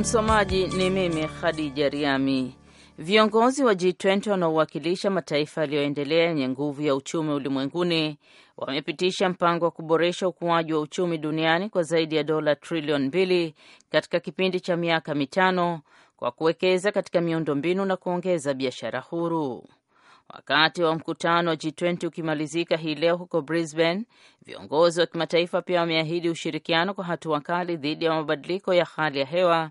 Msomaji ni mimi Khadija Riami. Viongozi wa G20 wanaowakilisha mataifa yaliyoendelea yenye nguvu ya uchumi ulimwenguni wamepitisha mpango wa kuboresha ukuaji wa uchumi duniani kwa zaidi ya dola trilioni mbili katika kipindi cha miaka mitano kwa kuwekeza katika miundombinu na kuongeza biashara huru. Wakati wa mkutano wa G20 ukimalizika hii leo huko Brisbane, viongozi wa kimataifa pia wameahidi ushirikiano kwa hatua kali dhidi ya mabadiliko ya hali ya hewa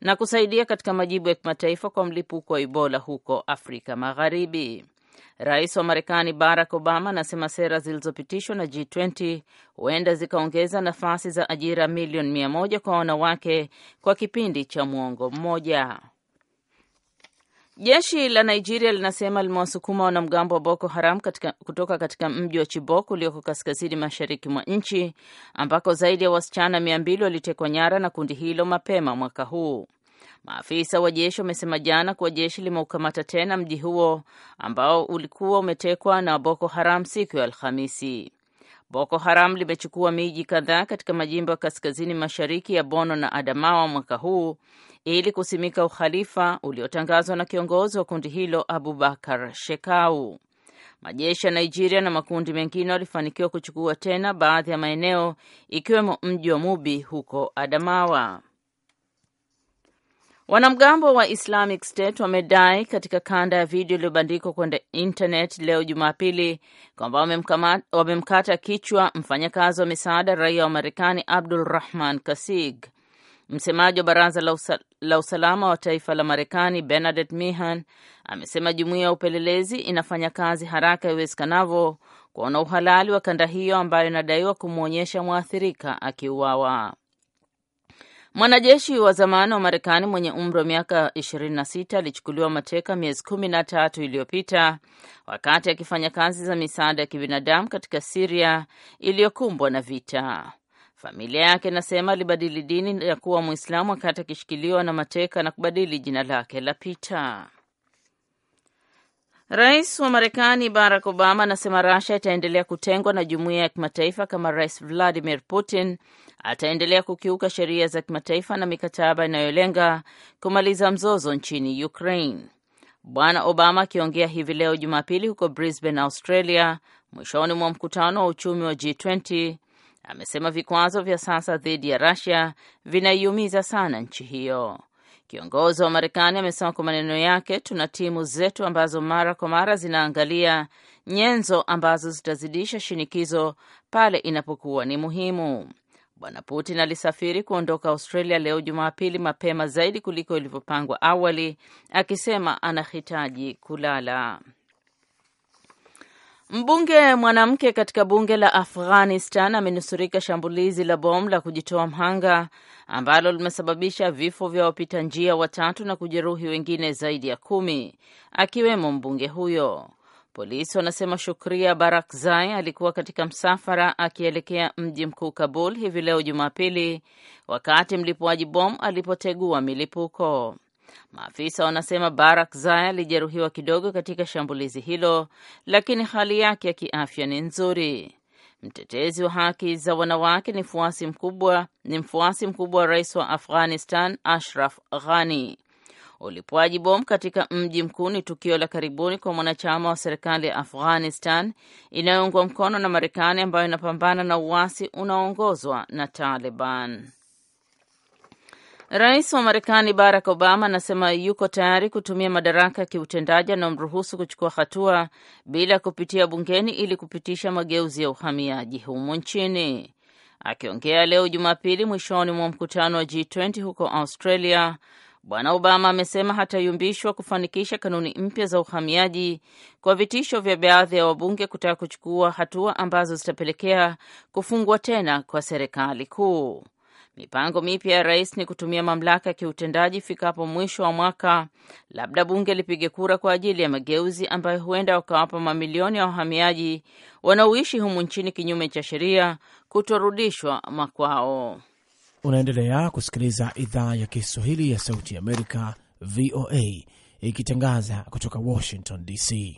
na kusaidia katika majibu ya kimataifa kwa mlipuko wa Ebola huko Afrika Magharibi. Rais wa Marekani Barack Obama anasema sera zilizopitishwa na G20 huenda zikaongeza nafasi za ajira milioni mia moja kwa wanawake kwa kipindi cha mwongo mmoja. Jeshi la Nigeria linasema limewasukuma wanamgambo wa Boko Haram katika, kutoka katika mji wa Chibok ulioko kaskazini mashariki mwa nchi ambako zaidi ya wasichana mia mbili walitekwa nyara na kundi hilo mapema mwaka huu. Maafisa wa jeshi wamesema jana kuwa jeshi limeukamata tena mji huo ambao ulikuwa umetekwa na Boko Haram siku ya Alhamisi. Boko Haram limechukua miji kadhaa katika majimbo ya kaskazini mashariki ya Bono na Adamawa mwaka huu ili kusimika ukhalifa uliotangazwa na kiongozi wa kundi hilo Abubakar Shekau. Majeshi ya Nigeria na makundi mengine walifanikiwa kuchukua tena baadhi ya maeneo ikiwemo mji wa Mubi huko Adamawa. Wanamgambo wa Islamic State wamedai katika kanda ya video iliyobandikwa kwenda internet leo Jumapili kwamba wamemkata kichwa mfanyakazi wa misaada raia wa Marekani Abdul Rahman Kasig. Msemaji wa baraza la, usal la usalama wa taifa la Marekani Bernadette mihan amesema jumuiya ya upelelezi inafanya kazi haraka iwezekanavyo kuona uhalali wa kanda hiyo ambayo inadaiwa kumwonyesha mwathirika akiuawa. Mwanajeshi wa zamani wa Marekani mwenye umri wa miaka 26 alichukuliwa mateka miezi kumi na tatu iliyopita wakati akifanya kazi za misaada ya kibinadamu katika Siria iliyokumbwa na vita. Familia yake inasema alibadili dini ya kuwa Mwislamu wakati akishikiliwa na mateka na kubadili jina lake la Pita. Rais wa Marekani Barack Obama anasema Russia itaendelea kutengwa na jumuiya ya kimataifa kama Rais Vladimir Putin ataendelea kukiuka sheria za kimataifa na mikataba inayolenga kumaliza mzozo nchini Ukraine. Bwana Obama akiongea hivi leo Jumapili huko Brisbane, Australia, mwishoni mwa mkutano wa uchumi wa G20 amesema vikwazo vya sasa dhidi ya rasia vinaiumiza sana nchi hiyo. Kiongozi wa Marekani amesema kwa maneno yake, tuna timu zetu ambazo mara kwa mara zinaangalia nyenzo ambazo zitazidisha shinikizo pale inapokuwa ni muhimu. Bwana Putin alisafiri kuondoka Australia leo Jumapili mapema zaidi kuliko ilivyopangwa awali, akisema anahitaji kulala. Mbunge mwanamke katika bunge la Afghanistan amenusurika shambulizi la bomu la kujitoa mhanga ambalo limesababisha vifo vya wapita njia watatu na kujeruhi wengine zaidi ya kumi akiwemo mbunge huyo. Polisi wanasema Shukria Barakzai alikuwa katika msafara akielekea mji mkuu Kabul hivi leo Jumapili, wakati mlipuaji bomu alipotegua milipuko. Maafisa wanasema Barak zai alijeruhiwa kidogo katika shambulizi hilo, lakini hali yake ya kiafya ni nzuri. Mtetezi wa haki za wanawake ni mfuasi mkubwa, ni mfuasi mkubwa wa rais wa Afghanistan Ashraf Ghani. Ulipwaji bom katika mji mkuu ni tukio la karibuni kwa mwanachama wa serikali ya Afghanistan inayoungwa mkono na Marekani ambayo inapambana na uasi unaoongozwa na Taliban. Rais wa Marekani Barack Obama anasema yuko tayari kutumia madaraka ya kiutendaji anamruhusu kuchukua hatua bila kupitia bungeni ili kupitisha mageuzi ya uhamiaji humo nchini. Akiongea leo Jumapili mwishoni mwa mkutano wa G20 huko Australia, Bwana Obama amesema hatayumbishwa kufanikisha kanuni mpya za uhamiaji kwa vitisho vya baadhi ya wabunge kutaka kuchukua hatua ambazo zitapelekea kufungwa tena kwa serikali kuu. Mipango mipya ya rais ni kutumia mamlaka ya kiutendaji ifikapo mwisho wa mwaka, labda bunge lipige kura kwa ajili ya mageuzi ambayo huenda wakawapa mamilioni ya wahamiaji wanaoishi humu nchini kinyume cha sheria kutorudishwa makwao. Unaendelea kusikiliza idhaa ya Kiswahili ya Sauti ya Amerika, VOA, ikitangaza kutoka Washington DC.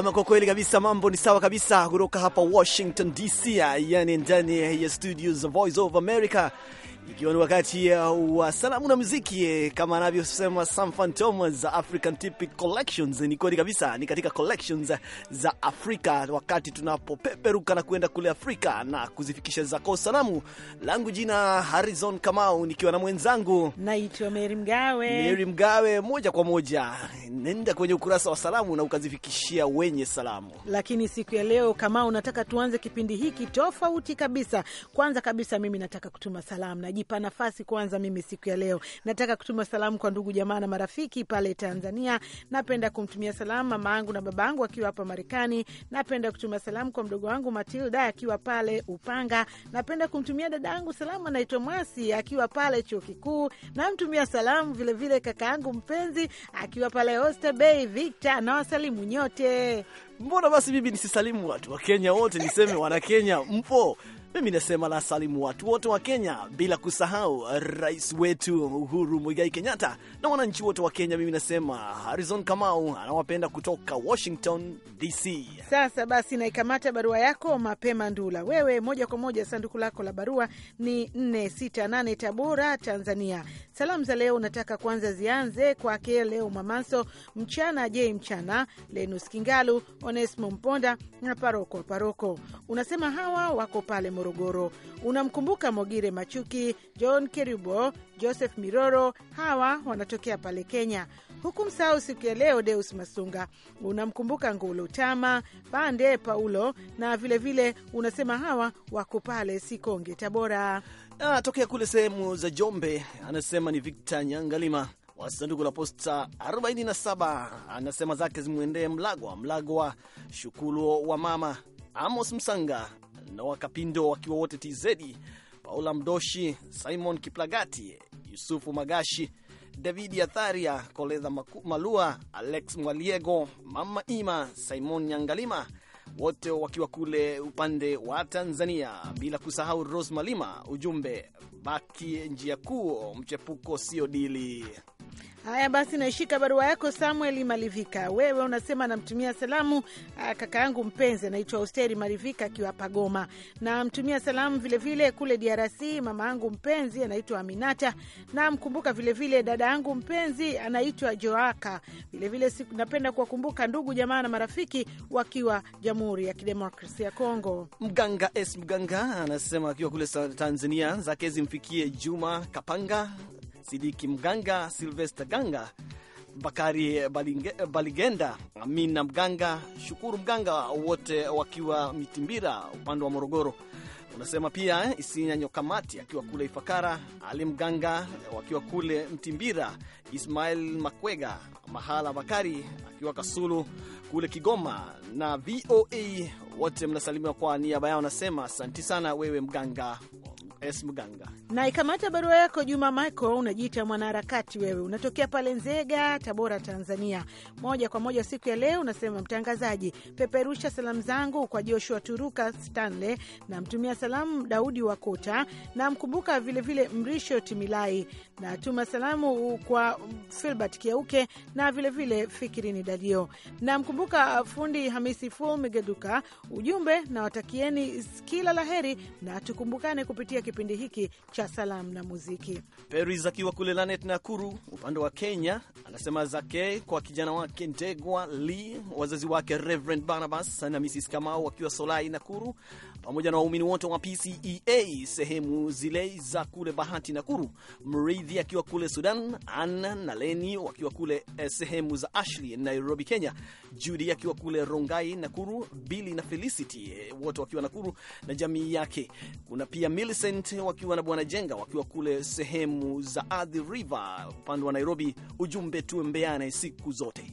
Ama kwa kweli kabisa mambo ni sawa kabisa kutoka hapa Washington DC, yani ndani ya studios Voice of America ikiwa ni wakati uh, wa salamu na muziki, eh, kama anavyosema Sam za African Typic Collections. Ni kweli kabisa, ni katika collections za Afrika, wakati tunapopeperuka na kuenda kule Afrika na kuzifikisha zako salamu. Langu jina Harrison Kamau, nikiwa na mwenzangu naitwa Meri Mgawe. Meri Mgawe, moja kwa moja nenda kwenye ukurasa wa salamu na ukazifikishia wenye salamu. Lakini siku ya leo, Kamau, nataka tuanze kipindi hiki tofauti kabisa. Kwanza kabisa, mimi nataka kutuma salamu na najipa nafasi kwanza. Mimi siku ya leo nataka kutuma salamu kwa ndugu jamaa na marafiki pale Tanzania. Napenda kumtumia salamu mama yangu na baba yangu akiwa hapa Marekani. Napenda kutuma salamu kwa mdogo wangu Matilda akiwa pale Upanga. Napenda kumtumia dada yangu salamu anaitwa Mwasi akiwa pale chuo kikuu. Namtumia salamu vilevile kaka yangu mpenzi akiwa pale Oyster Bay Victor. Nawasalimu nyote. Mbona basi mimi nisisalimu watu wa Kenya wote, niseme wana Kenya mpo mimi nasema la salimu watu wote wa Kenya, bila kusahau rais wetu Uhuru Muigai Kenyatta na wananchi wote wa Kenya. Mimi nasema Harizon Kamau anawapenda kutoka Washington DC. Sasa basi, naikamata barua yako mapema Ndula, wewe moja kwa moja. Sanduku lako la barua ni 468 Tabora, Tanzania. Salamu za leo unataka kwanza zianze kwake leo Mamaso Mchana, J Mchana, Lenus Kingalu, Onesimo Mponda na Paroko Paroko. Unasema hawa wako pale Morogoro. Unamkumbuka Mogire Machuki, John Kerubo, Joseph Miroro, hawa wanatokea pale Kenya. Huku msahau siku ya leo Deus Masunga, unamkumbuka Ngulu Tama, Bande Paulo na vilevile vile unasema hawa wako pale Sikonge, Tabora. Ah, tokea kule sehemu za Jombe, anasema ni Victor Nyangalima wa sanduku la posta 47 anasema zake zimwendee Mlagwa Mlagwa Shukulu wa mama Amos Msanga na Wakapindo wakiwa wote TZ, Paula Mdoshi, Simon Kiplagati, Yusufu Magashi, Davidi Atharia, Koledha Malua, Alex Mwaliego, Mama Ima, Simon Nyangalima, wote wakiwa kule upande wa Tanzania, bila kusahau Rose Malima. Ujumbe baki njia kuu, mchepuko sio dili. Haya basi, naishika barua yako Samuel Malivika. Wewe unasema namtumia salamu ah, kaka yangu mpenzi anaitwa Austeri Malivika akiwa Pagoma, namtumia salamu vilevile vile kule DRC mama yangu mpenzi anaitwa Aminata, namkumbuka vilevile dada yangu mpenzi anaitwa Joaka. Vilevile napenda kuwakumbuka ndugu jamaa na marafiki wakiwa Jamhuri ya Kidemokrasia ya Kongo. Mganga S Mganga anasema akiwa kule Tanzania, zake zimfikie Juma Kapanga Sidiki Mganga, Silvester Ganga, Bakari Baligenda, Amina Mganga, Shukuru Mganga, wote wakiwa Mitimbira upande wa Morogoro. Unasema pia Isinya Nyokamati akiwa kule Ifakara, Ali Mganga wakiwa kule Mtimbira, Ismail Makwega, Mahala Bakari akiwa Kasulu kule Kigoma na VOA wote mnasalimiwa kwa niaba yao, nasema asanti sana wewe Mganga S. Mganga. Na ikamata barua yako Juma Michael, unajiita mwanaharakati wewe, unatokea pale Nzega, Tabora, Tanzania. Moja kwa moja siku ya leo unasema, mtangazaji, peperusha salamu zangu kwa Joshua Turuka Stanley, namtumia salamu Daudi Wakota, namkumbuka vilevile Mrisho Timilai, na tuma salamu kwa Filbert Kiauke na vilevile vile Fikirini dalio na mkumbuka fundi Hamisi Ful Migeduka. Ujumbe na watakieni kila la heri na tukumbukane kupitia kipindi hiki cha salamu na muziki. Peris akiwa kule Lanet Nakuru upande wa Kenya anasema zake kwa kijana wake Ndegwa Lee, wazazi wake Reverend Barnabas na Mrs Kamau wakiwa Solai Nakuru pamoja na waumini wote wa PCEA sehemu zile za kule Bahati Nakuru, Mridhi akiwa kule Sudan, Anna na Leni wakiwa kule eh, sehemu za Ashley Nairobi, Kenya, Judy akiwa kule Rongai Nakuru, Billy na Felicity eh, wote wakiwa Nakuru na jamii yake. Kuna pia Millicent wakiwa na Bwana Jenga wakiwa kule sehemu za Athi River upande wa Nairobi. Ujumbe tuembeane siku zote.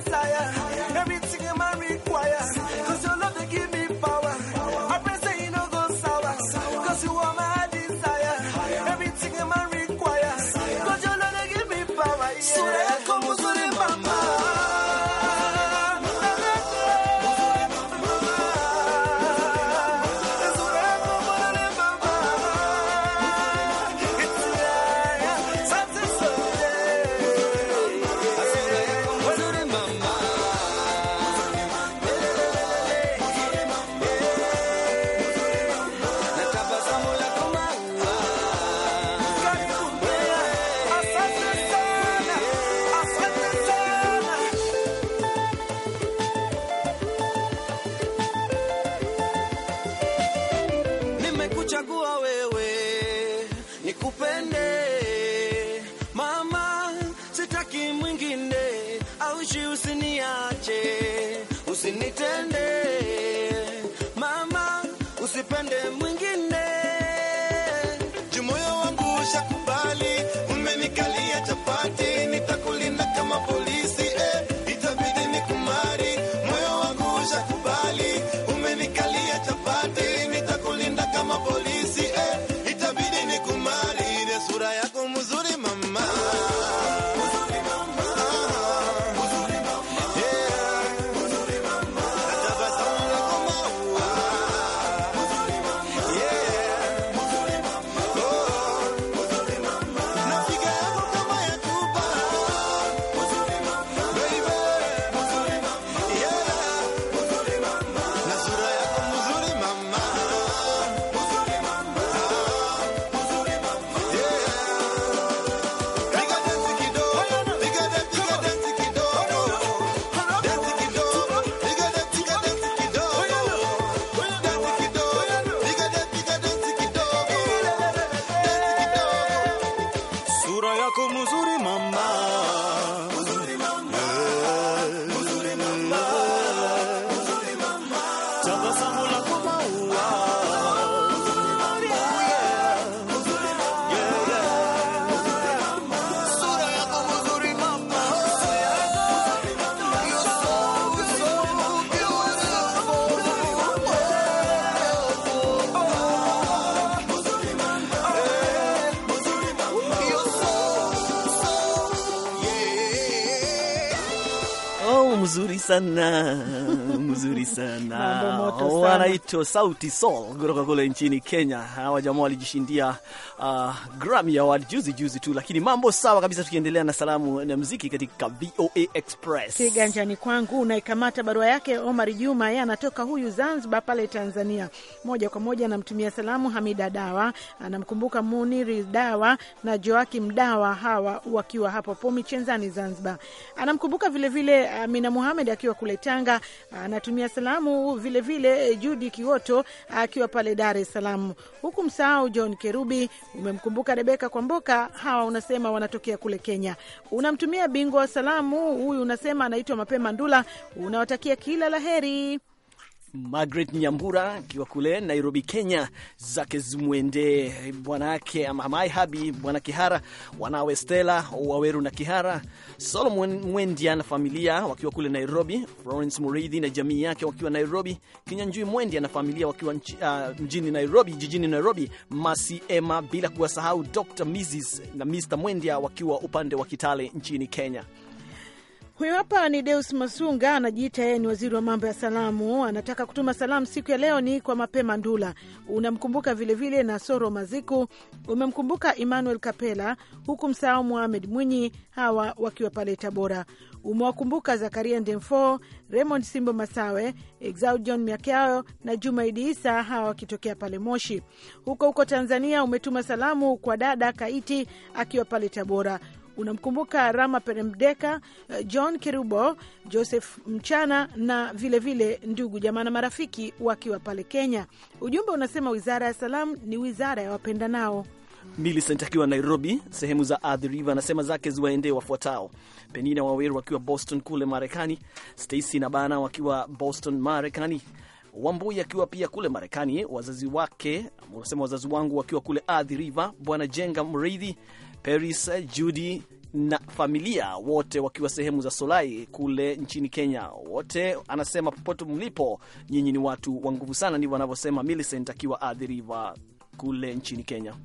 usiniache usinitende sanamos kali sana wanaitwa Sauti Sol kutoka kule nchini Kenya. Hawa jamaa walijishindia uh, Grammy Award juzi juzi tu, lakini mambo sawa kabisa. Tukiendelea na salamu na muziki katika VOA Express, kiganjani kwangu naikamata barua yake Omar Juma, yeye anatoka huyu Zanzibar pale Tanzania. Moja kwa moja anamtumia salamu Hamida Dawa, anamkumbuka Muniri Dawa na Joakim Dawa, hawa wakiwa hapo Pomichenzani Zanzibar. Anamkumbuka vilevile uh, Amina Muhamed akiwa kule Tanga, uh, anatumia es Salaam, vilevile Judi Kiwoto akiwa pale Dar es Salaam, huku msahau John Kerubi, umemkumbuka Rebeka Kwamboka. Hawa unasema wanatokea kule Kenya. Unamtumia bingwa wa salamu huyu, unasema anaitwa Mapema Ndula, unawatakia kila laheri. Margaret Nyambura akiwa kule Nairobi, Kenya, zake zimwendee bwanake ama habi bwana Kihara, wanawe Stella Waweru na Kihara, Solomon Mwendia na familia wakiwa kule Nairobi, Florence Muridhi na jamii yake wakiwa Nairobi, Kinyanjui Mwendia na familia wakiwa uh, mjini Nairobi, jijini Nairobi, Masi Emma, bila kuwasahau Dr Mrs na Mr Mwendia wakiwa upande wa Kitale nchini Kenya. Huyu hapa ni Deus Masunga, anajiita yeye ni waziri wa mambo ya salamu. Anataka kutuma salamu siku ya leo ni kwa mapema Ndula, unamkumbuka vilevile na Soro Maziku, umemkumbuka Emmanuel Kapela, huku msahau Muhamed Mwinyi, hawa wakiwa pale Tabora. Umewakumbuka Zakaria Ndemfo, Raymond Simbo Masawe, Exaud John Miakao na jumaidi Isa, hawa wakitokea pale Moshi. Huko huko Tanzania umetuma salamu kwa dada Kaiti akiwa pale Tabora Unamkumbuka Rama Peremdeka, eh, John Kerubo, Joseph Mchana na vilevile vile ndugu jamaa na marafiki wakiwa pale Kenya. Ujumbe unasema wizara ya salamu ni wizara ya wapendanao. Millicent akiwa Nairobi, sehemu za Athi River, anasema zake ziwaendee wafuatao: Penina Waweru wakiwa Boston kule Marekani, Stacy na Bana wakiwa Boston Marekani, Wambui akiwa pia kule Marekani, wazazi wake unasema wazazi wangu wakiwa kule Athi River, Bwana Jenga Mreidhi Peris, Judy na familia wote wakiwa sehemu za Solai kule nchini Kenya. Wote anasema popote mlipo, nyinyi ni watu wa nguvu sana, ndivyo wanavyosema Millicent akiwa Athi River kule nchini Kenya.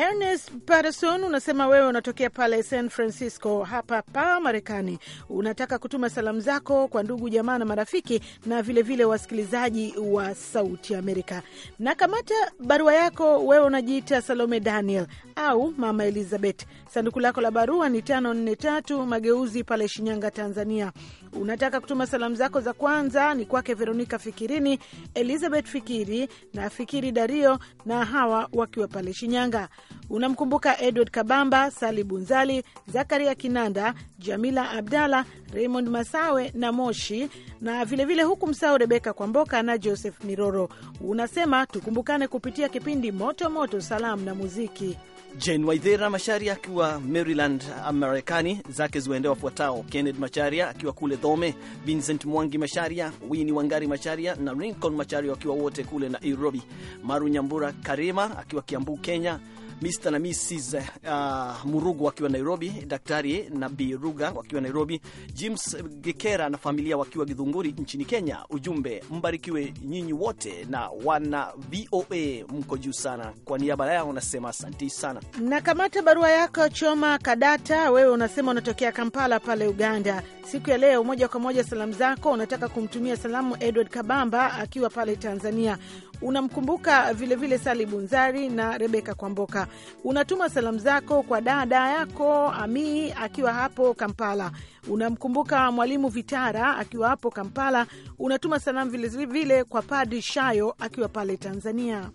Ernest Patterson unasema wewe unatokea pale San Francisco hapa pa Marekani, unataka kutuma salamu zako kwa ndugu jamaa na marafiki na vilevile vile wasikilizaji wa Sauti Amerika. Na kamata barua yako, wewe unajiita Salome Daniel au Mama Elizabeth. Sanduku lako la barua ni 543 Mageuzi pale Shinyanga, Tanzania. Unataka kutuma salamu zako za kwanza ni kwake Veronika Fikirini, Elizabeth Fikiri na Fikiri Dario na hawa wakiwa pale Shinyanga. Unamkumbuka Edward Kabamba, Sali Bunzali, Zakaria Kinanda, Jamila Abdala, Raymond Masawe na Moshi, na vilevile huku msao Rebeka Kwamboka na Joseph Miroro. Unasema tukumbukane kupitia kipindi moto moto, salamu na muziki. Jane Waithera Macharia akiwa Maryland, Marekani, zake ziwaende wafuatao: Kenneth Macharia akiwa kule Dhome, Vincent Mwangi Macharia, Wini Wangari Macharia na Lincoln Macharia wakiwa wote kule Nairobi, Maru Nyambura Karima akiwa Kiambu, Kenya, Mr na Mrs uh, Murugu wakiwa Nairobi, Daktari na Bi Ruga wakiwa Nairobi, James Gekera na familia wakiwa Githunguri nchini Kenya. Ujumbe, mbarikiwe nyinyi wote na wana VOA, mko juu sana. Kwa niaba yao nasema asanti sana. na kamata barua yako Choma Kadata, wewe unasema unatokea Kampala pale Uganda. Siku ya leo moja kwa moja salamu zako unataka kumtumia salamu Edward Kabamba akiwa pale Tanzania Unamkumbuka vilevile Sali Bunzari na Rebeka Kwamboka. Unatuma salamu zako kwa dada yako Amii akiwa hapo Kampala. Unamkumbuka Mwalimu Vitara akiwa hapo Kampala. Unatuma salamu vilevile kwa Padri Shayo akiwa pale Tanzania.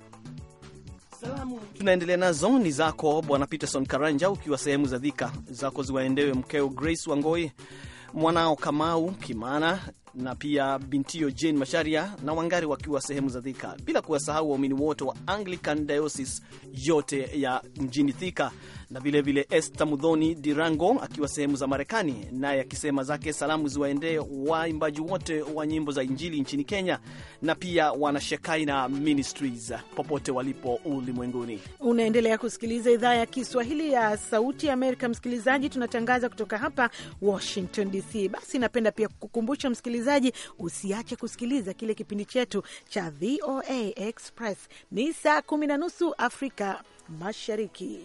tunaendelea nazo ni zako Bwana Peterson Karanja, ukiwa sehemu za Dhika. Zako ziwaendewe mkeo Grace Wangoi mwanao Kamau Kimana na pia bintio Jane Masharia na Wangari wakiwa sehemu za Thika, bila kuwasahau waumini wote wa Anglican Diocese yote ya mjini Thika na vilevile Esther Mudhoni Dirango akiwa sehemu za Marekani, naye akisema zake salamu ziwaendee waimbaji wote wa nyimbo za Injili nchini Kenya na pia wanashekaina Ministries popote walipo ulimwenguni. Unaendelea kusikiliza idhaa ya Kiswahili ya Sauti ya Amerika. Msikilizaji, tunatangaza kutoka hapa Washington DC. Basi napenda pia kukukumbusha msikilizaji, usiache kusikiliza kile kipindi chetu cha VOA Express ni saa kumi na nusu Afrika Mashariki.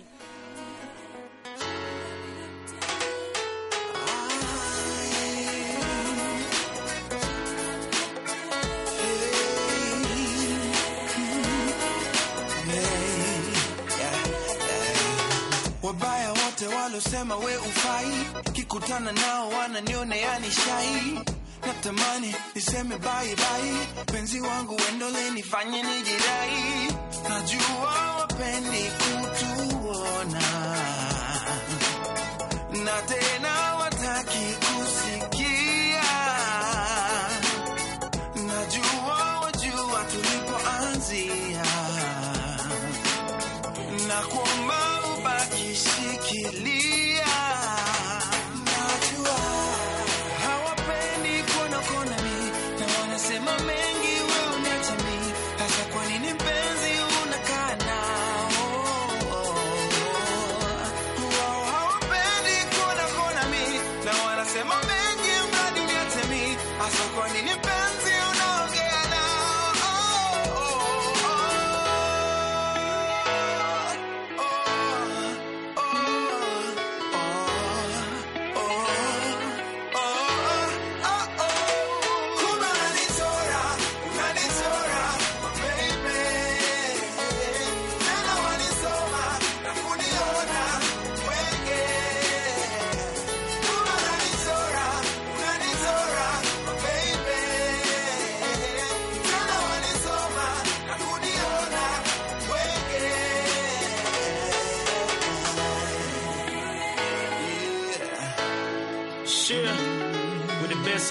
wote walosema we ufai, kikutana nao wananiona yani shai. Natamani niseme bye bye, penzi wangu wendole, nifanye nijirai. Najua wapendi kutuona na tena wataki kusikia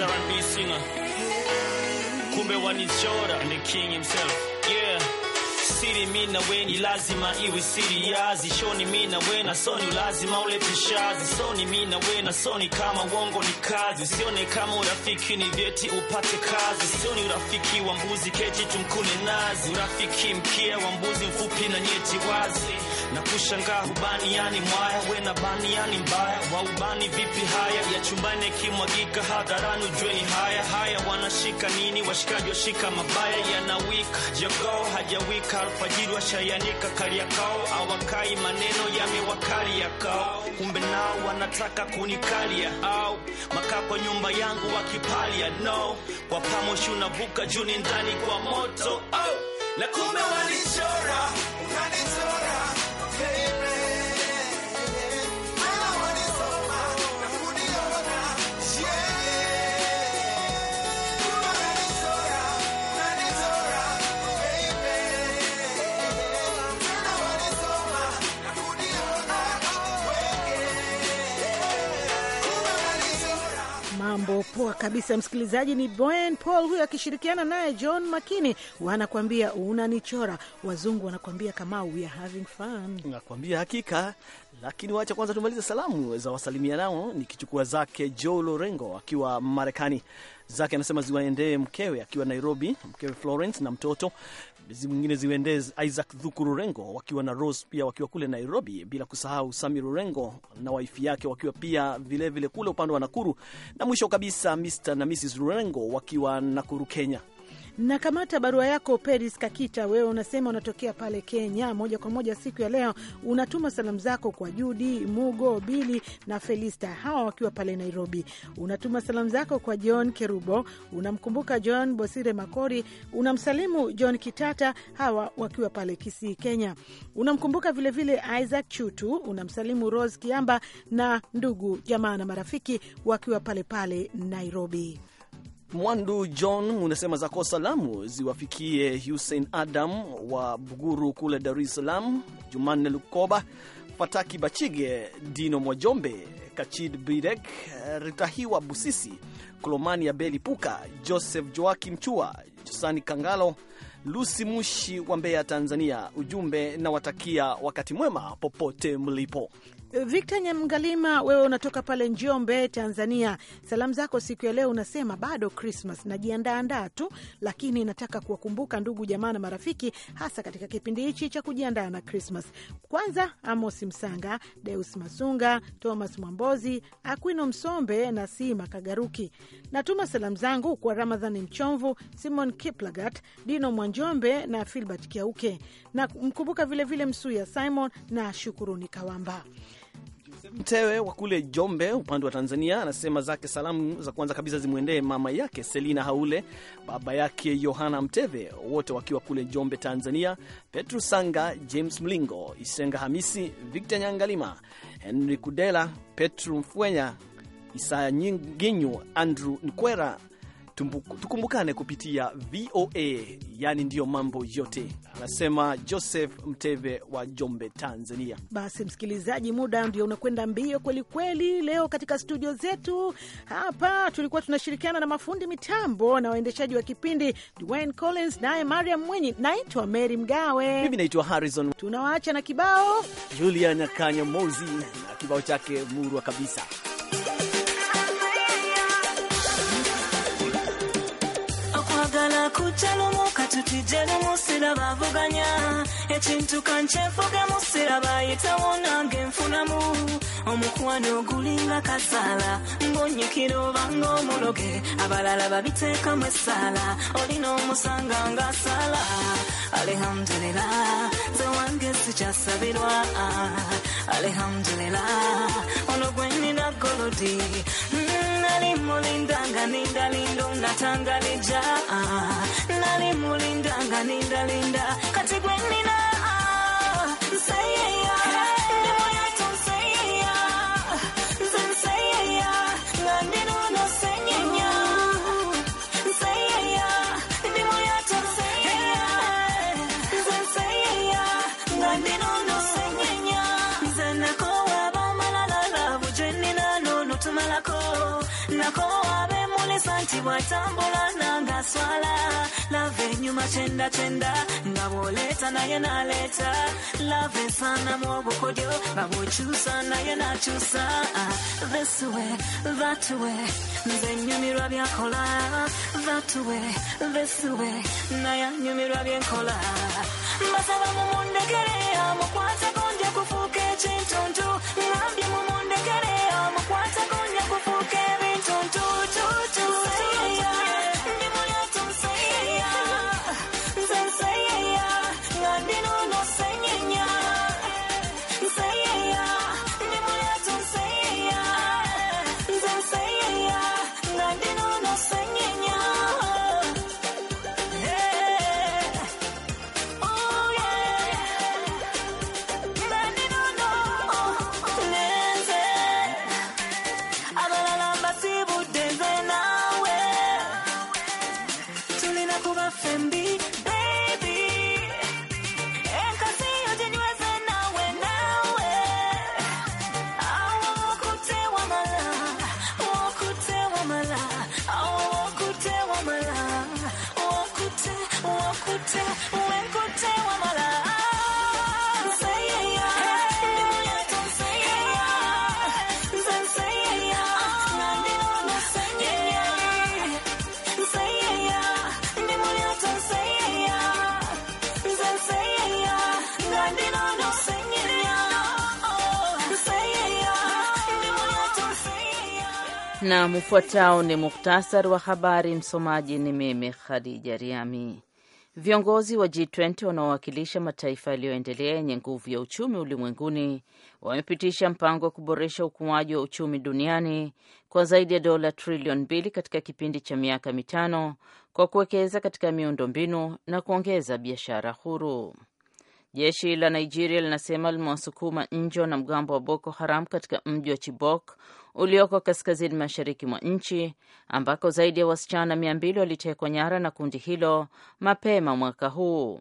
R&B singer. Kumbe wanichora, and the king himself. Yeah. Siri mimi na wewe ni lazima iwe siri yazi shoni mimi na wewe na soni lazima ule pishazi soni mimi na wewe na soni kama uongo ni kazi sione kama urafiki ni vyeti upate kazi sioni urafiki wa mbuzi kechi tumkune nazi urafiki mkia wa mbuzi mfupi na nyeti wazi na kushangaa hubani yani mwaya we na bani yani mbaya waubani vipi haya ya chumbani yakimwagika hadharani ni haya haya wanashika nini washikaji washika mabaya yanawika jogoo hajawika alfajiri washayanika kariakao awakai maneno yamewakali yakao kumbe nao wanataka kunikalia au makaa kwa nyumba yangu wakipalia no kwa pamoshi unavuka juni ndani kwa moto oh. na kumbe walichora unanichora poa kabisa, msikilizaji. Ni Brian Paul huyo akishirikiana naye John Makini, wanakwambia unanichora. Wazungu wanakwambia kama we are having fun, nakwambia hakika. Lakini wacha kwanza tumalize salamu za wasalimia nao, nikichukua zake Joe Lorengo akiwa Marekani zake anasema ziwaendee mkewe akiwa Nairobi, mkewe Florence na mtoto mwingine ziwende Isaac dhuku rurengo wakiwa na Rose pia wakiwa kule Nairobi, bila kusahau sami rurengo na waifi yake wakiwa pia vilevile vile kule upande wa Nakuru, na mwisho kabisa Mr na Mrs rurengo wakiwa Nakuru, Kenya. Nakamata barua yako Peris Kakita, wewe unasema unatokea pale Kenya. Moja kwa moja siku ya leo unatuma salamu zako kwa Judi Mugo, Bili na Felista, hawa wakiwa pale Nairobi. Unatuma salamu zako kwa John Kerubo, unamkumbuka John Bosire Makori, unamsalimu John Kitata, hawa wakiwa pale Kisii, Kenya. Unamkumbuka vilevile vile Isaac Chutu, unamsalimu Rose Kiamba na ndugu jamaa na marafiki wakiwa pale pale Nairobi. Mwandu John unasema zako salamu ziwafikie Hussein Adam wa Buguru kule Dar es Salaam, Jumanne Lukoba, Fataki Bachige, Dino Mwajombe, Kachid Birek, Ritahiwa Busisi, Kolomani ya Beli Puka, Joseph Joaki Mchua, Josani Kangalo, Lusi Mushi wa Mbeya, Tanzania. Ujumbe na watakia wakati mwema popote mlipo. Victor Nyamgalima, wewe unatoka pale Njombe, Tanzania. Salamu zako siku ya leo unasema bado Krismas najiandaandaa tu, lakini nataka kuwakumbuka ndugu jamaa na marafiki, hasa katika kipindi hichi cha kujiandaa na Krismas. Kwanza Amosi Msanga, Deus Masunga, Thomas Mwambozi, Akwino Msombe na Sima Kagaruki. Natuma salamu zangu kwa Ramadhani Mchomvu, Simon Kiplagat, Dino Mwanjombe na Filbert Kiauke. Na mkumbuka vilevile Msuya Simon na Shukuruni Kawamba. Mtewe wa kule Jombe upande wa Tanzania anasema zake salamu za kwanza kabisa zimwendee mama yake Selina Haule, baba yake Yohana Mteve, wote wakiwa kule Jombe Tanzania, Petru Sanga, James Mlingo, Isenga Hamisi, Victor Nyangalima, Henry Kudela, Petru Mfwenya, Isaya Nyinginyu, Andrew Nkwera tukumbukane kupitia VOA, yani ndiyo mambo yote, anasema Joseph Mteve wa Jombe, Tanzania. Basi msikilizaji, muda ndio unakwenda mbio kwelikweli. Leo katika studio zetu hapa tulikuwa tunashirikiana na mafundi mitambo na waendeshaji wa kipindi Dwayne Collins naye Mariam Mwinyi. Naitwa Mary Mgawe, mimi naitwa Harrison. Tunawaacha na kibao Julia Nyakanya na kibao chake murwa kabisa. kujja n'omuuka tutijje n'omusira baavuganya ekintu kankyenfuge musira baayitawo nange nfunamu omukwano ogulinga kasaala mbunyikira obanga omuloge abalala babiteekamu essaala olina omusanga ngaasaala alehamdulila nze wange sikyasabirwa alehamdulila ono gwenina golodi mm. Nalimulinda, nindalindanga, nindalindanga, kati gwe nina kati bw'atambula nanga aswala lava enyuma kyendachenda nga bw'oleeta naye n'aleeta lava esaanamu obukodyo nga bw'okyusa naye n'akyusa nze nyumirwa naye na mfuatao ni muhtasari wa habari. Msomaji ni mimi Khadija Riami. Viongozi wa G20 wanaowakilisha mataifa yaliyoendelea yenye nguvu ya uchumi ulimwenguni wamepitisha mpango wa kuboresha ukuaji wa uchumi duniani kwa zaidi ya dola trilioni mbili katika kipindi cha miaka mitano kwa kuwekeza katika miundombinu na kuongeza biashara huru. Jeshi la Nigeria linasema limewasukuma nje wanamgambo wa Boko Haram katika mji wa Chibok ulioko kaskazini mashariki mwa nchi ambako zaidi ya wasichana mia mbili walitekwa nyara na kundi hilo mapema mwaka huu.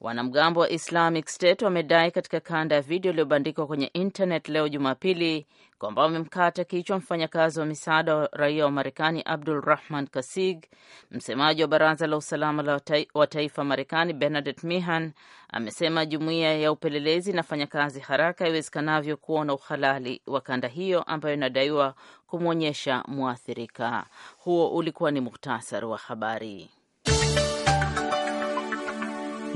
Wanamgambo wa Islamic State wamedai katika kanda ya video iliyobandikwa kwenye internet leo Jumapili kwamba wamemkata kichwa mfanyakazi wa misaada wa raia wa Marekani Abdul Rahman Kasig. Msemaji wa baraza la usalama wa taifa Marekani Bernadette Mihan amesema jumuiya ya upelelezi inafanya kazi haraka iwezekanavyo kuona uhalali wa kanda hiyo ambayo inadaiwa kumwonyesha mwathirika. Huo ulikuwa ni muhtasari wa habari.